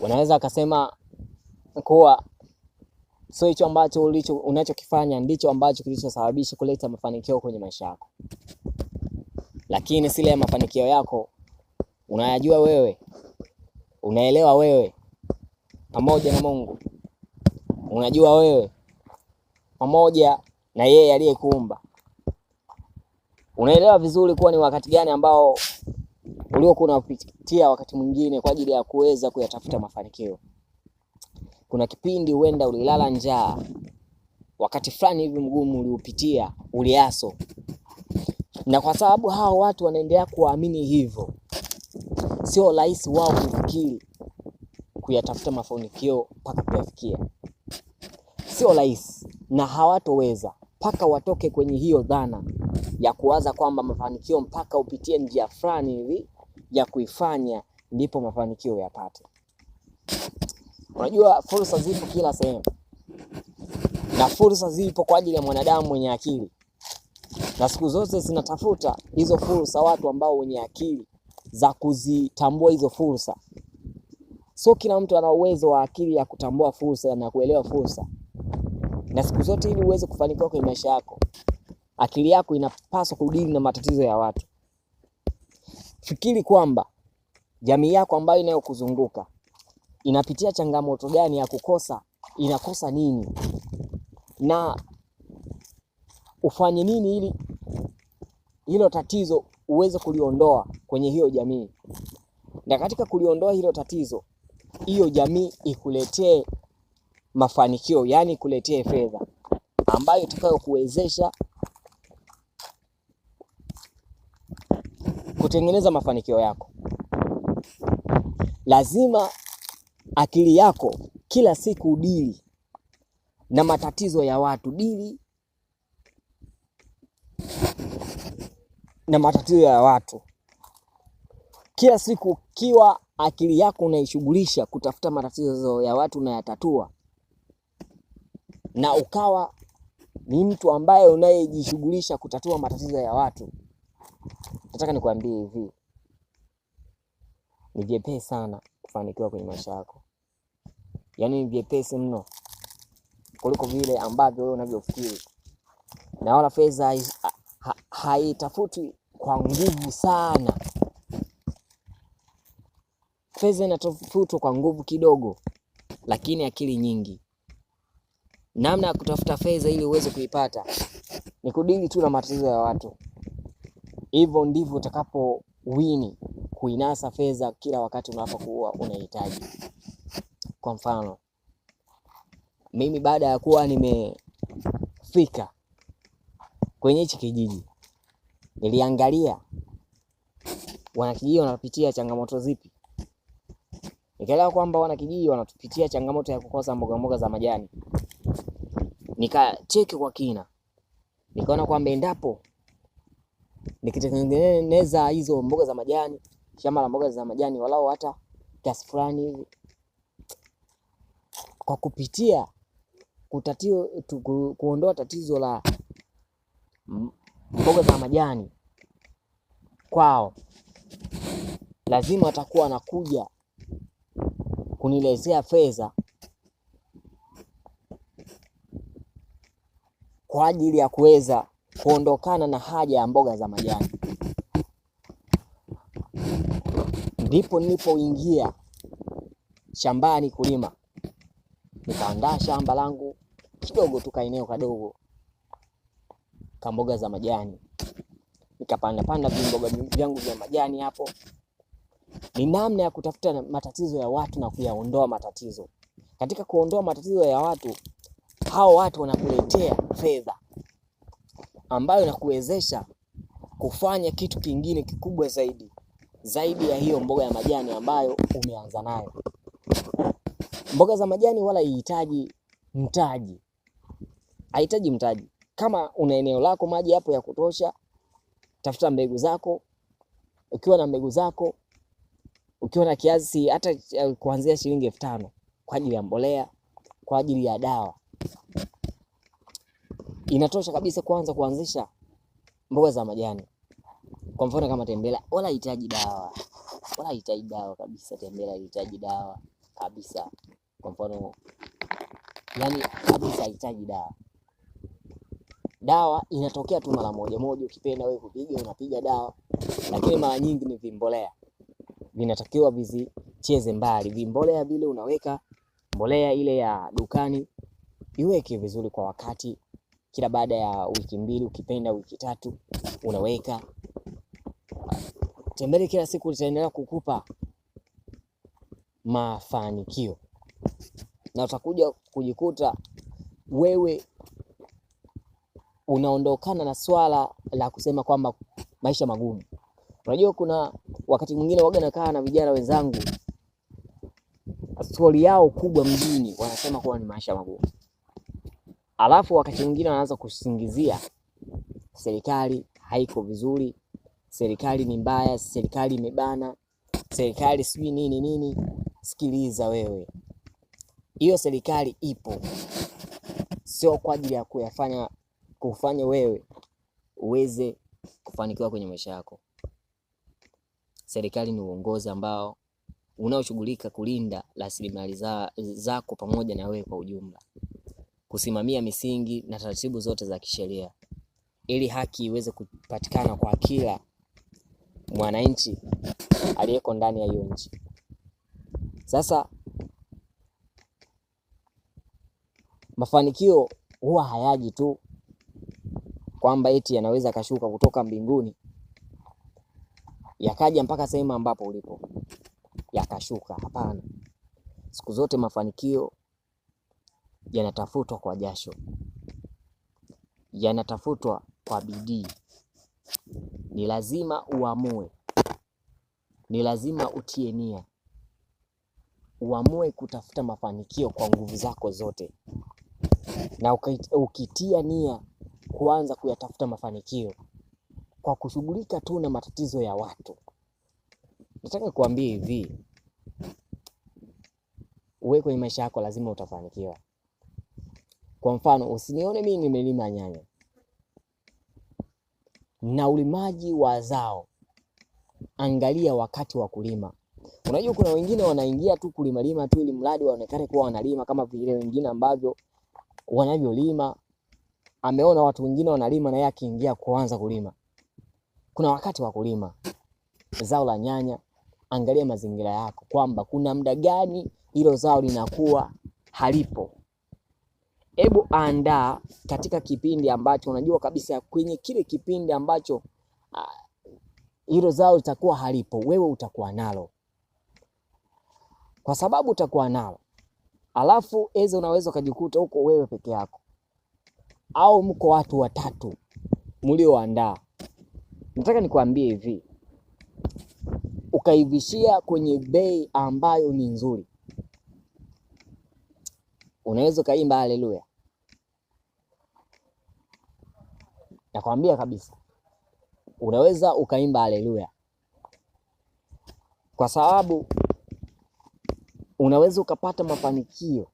wanaweza wakasema kuwa sio hicho ambacho ulicho unachokifanya ndicho ambacho kilichosababisha kuleta mafanikio kwenye maisha yako, lakini sile ya mafanikio yako unayajua wewe, unaelewa wewe pamoja na Mungu, unajua wewe pamoja na yeye aliyekuumba, unaelewa vizuri kuwa ni wakati gani ambao uliokuwa unapitia wakati mwingine kwa ajili ya kuweza kuyatafuta mafanikio. Kuna kipindi huenda ulilala njaa, wakati fulani hivi mgumu uliupitia, uliaso, na kwa sababu hao watu wanaendelea kuamini hivyo, sio rahisi wao kufikiri kuyatafuta mafanikio mpaka kuyafikia, sio rahisi na hawatoweza mpaka watoke kwenye hiyo dhana ya kuwaza kwamba mafanikio mpaka upitie njia fulani hivi ya kuifanya ndipo mafanikio yapate. Unajua, fursa zipo kila sehemu, na fursa zipo kwa ajili ya mwanadamu mwenye akili, na siku zote zinatafuta hizo fursa watu ambao wenye akili za kuzitambua hizo fursa. so kila mtu ana uwezo wa akili ya kutambua fursa na kuelewa fursa. Na siku zote, ili uweze kufanikiwa kwenye maisha yako, akili yako inapaswa kudili na matatizo ya watu. Fikiri kwamba jamii yako ambayo inayokuzunguka inapitia changamoto gani ya kukosa, inakosa nini na ufanye nini ili hilo tatizo uweze kuliondoa kwenye hiyo jamii, na katika kuliondoa hilo tatizo, hiyo jamii ikuletee mafanikio, yaani ikuletee fedha ambayo itakayokuwezesha kutengeneza mafanikio yako. Lazima akili yako kila siku dili na matatizo ya watu, dili na matatizo ya watu kila siku. Ukiwa akili yako unaishughulisha kutafuta matatizo ya watu unayatatua, na ukawa ni mtu ambaye unayejishughulisha kutatua matatizo ya watu Nataka nikuambie hivi, ni vyepesi sana kufanikiwa kwenye maisha yako, yaani ni vyepesi mno kuliko vile ambavyo wewe unavyofikiri, na wala fedha haitafutwi ha, kwa nguvu sana. Fedha inatafutwa kwa nguvu kidogo, lakini akili nyingi. Namna ya kutafuta fedha ili uweze kuipata ni kudili tu na matatizo ya watu. Hivyo ndivyo utakapo wini kuinasa fedha kila wakati unapokuwa unahitaji. Kwa mfano, mimi baada ya kuwa nimefika kwenye hichi kijiji, niliangalia wanakijiji wanapitia changamoto zipi, nikaelewa kwamba wanakijiji wanapitia changamoto ya kukosa mboga mboga za majani. Nikacheki kwa kina, nikaona kwamba endapo nikitengeneza hizo mboga za majani, shamba la mboga za majani, walau hata kiasi fulani hivi kwa kupitia kutatio, tu, kuondoa tatizo la mboga za majani kwao, lazima atakuwa anakuja kunielezea fedha kwa ajili ya kuweza kuondokana na haja ya mboga za majani. Ndipo nilipoingia shambani kulima, nikaandaa shamba langu kidogo tu, kaeneo kadogo ka mboga za majani, nikapandapanda vimboga vyangu vya majani. Hapo ni namna ya kutafuta matatizo ya watu na kuyaondoa matatizo. Katika kuondoa matatizo ya watu, hao watu wanakuletea fedha ambayo inakuwezesha kufanya kitu kingine kikubwa zaidi zaidi ya hiyo mboga ya majani ambayo umeanza nayo. Mboga za majani wala ihitaji mtaji, haihitaji mtaji. Kama una eneo lako maji hapo ya kutosha, tafuta mbegu zako. Ukiwa na mbegu zako, ukiwa na kiasi hata eh, kuanzia shilingi elfu tano kwa ajili ya mbolea, kwa ajili ya dawa inatosha kabisa kwanza kuanzisha mboga za majani. Kwa mfano kama tembela, wala hitaji dawa, wala hitaji dawa kabisa. Tembela hitaji dawa kabisa, kwa mfano yani kabisa hitaji dawa. Dawa inatokea tu mara moja moja, ukipenda wewe kupiga unapiga dawa, lakini mara nyingi ni vimbolea vinatakiwa vizicheze mbali. Vimbolea vile unaweka mbolea ile ya dukani, iweke vizuri kwa wakati kila baada ya wiki mbili, ukipenda wiki tatu unaweka. Tembele kila siku litaendelea kukupa mafanikio na utakuja kujikuta wewe unaondokana na swala la kusema kwamba maisha magumu. Unajua, kuna wakati mwingine waga nakaa na vijana wenzangu, stori yao kubwa mjini wanasema kuwa ni maisha magumu alafu wakati mwingine wanaanza kusingizia serikali haiko vizuri, serikali ni mbaya, serikali imebana, serikali sijui nini nini. Sikiliza wewe, hiyo serikali ipo, sio kwa ajili ya kuyafanya kufanya wewe uweze kufanikiwa kwenye maisha yako. Serikali ni uongozi ambao unaoshughulika kulinda rasilimali zako pamoja na wewe kwa ujumla kusimamia misingi na taratibu zote za kisheria ili haki iweze kupatikana kwa kila mwananchi aliyeko ndani ya hiyo nchi. Sasa mafanikio huwa hayaji tu kwamba eti yanaweza kashuka kutoka mbinguni yakaja mpaka sehemu ambapo ulipo yakashuka. Hapana, siku zote mafanikio yanatafutwa kwa jasho, yanatafutwa kwa bidii. Ni lazima uamue, ni lazima utie nia, uamue kutafuta mafanikio kwa nguvu zako zote, na ukitia nia kuanza kuyatafuta mafanikio kwa kushughulika tu na matatizo ya watu. Nataka kuambia hivi, uwe kwenye maisha yako lazima utafanikiwa. Kwa mfano, usinione mimi nimelima nyanya na ulimaji wa zao, angalia wakati wa kulima. Unajua kuna wengine wanaingia tu kulimalima tu ili mradi waonekane kuwa wanalima kama vile wengine ambavyo wanavyolima. Ameona watu wengine wanalima na yeye akiingia kuanza kulima. Kuna wakati wa kulima zao la nyanya. Angalia mazingira yako kwamba kuna muda gani hilo zao linakuwa halipo hebu andaa katika kipindi ambacho unajua kabisa kwenye kile kipindi ambacho ah, hilo uh, zao litakuwa halipo, wewe utakuwa nalo, kwa sababu utakuwa nalo, alafu eza unaweza ukajikuta huko wewe peke yako, au mko watu watatu mlioandaa. Nataka nikwambie hivi, ukaivishia kwenye bei ambayo ni nzuri, unaweza ukaimba haleluya nitakwambia kabisa, unaweza ukaimba haleluya, kwa sababu unaweza ukapata mafanikio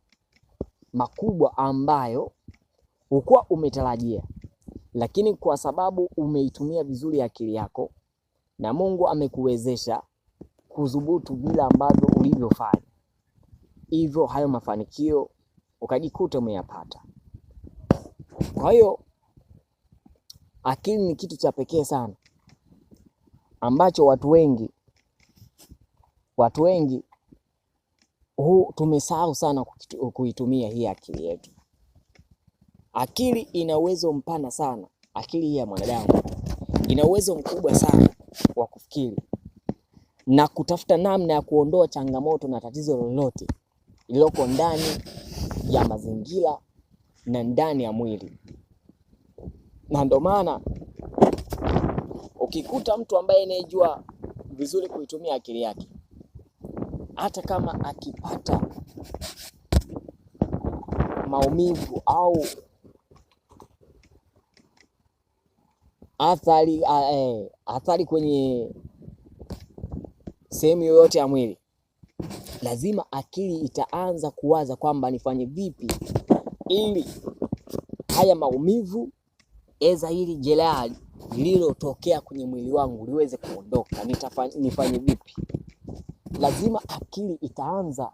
makubwa ambayo hukuwa umetarajia, lakini kwa sababu umeitumia vizuri akili yako na Mungu amekuwezesha kudhubutu vile ambavyo ulivyofanya, hivyo hayo mafanikio ukajikuta umeyapata. Kwa hiyo Akili ni kitu cha pekee sana ambacho watu wengi watu wengi huu tumesahau sana kuitumia hii akili yetu. Akili ina uwezo mpana sana, akili hii ya mwanadamu ina uwezo mkubwa sana wa kufikiri na kutafuta namna ya kuondoa changamoto na tatizo lolote lililoko ndani ya mazingira na ndani ya mwili na ndo maana ukikuta mtu ambaye anayejua vizuri kuitumia akili yake, hata kama akipata maumivu au athari eh, athari kwenye sehemu yoyote ya mwili, lazima akili itaanza kuwaza kwamba nifanye vipi ili haya maumivu eza hili jeraha lililotokea kwenye mwili wangu liweze kuondoka, nitafanya nifanye vipi? Lazima akili itaanza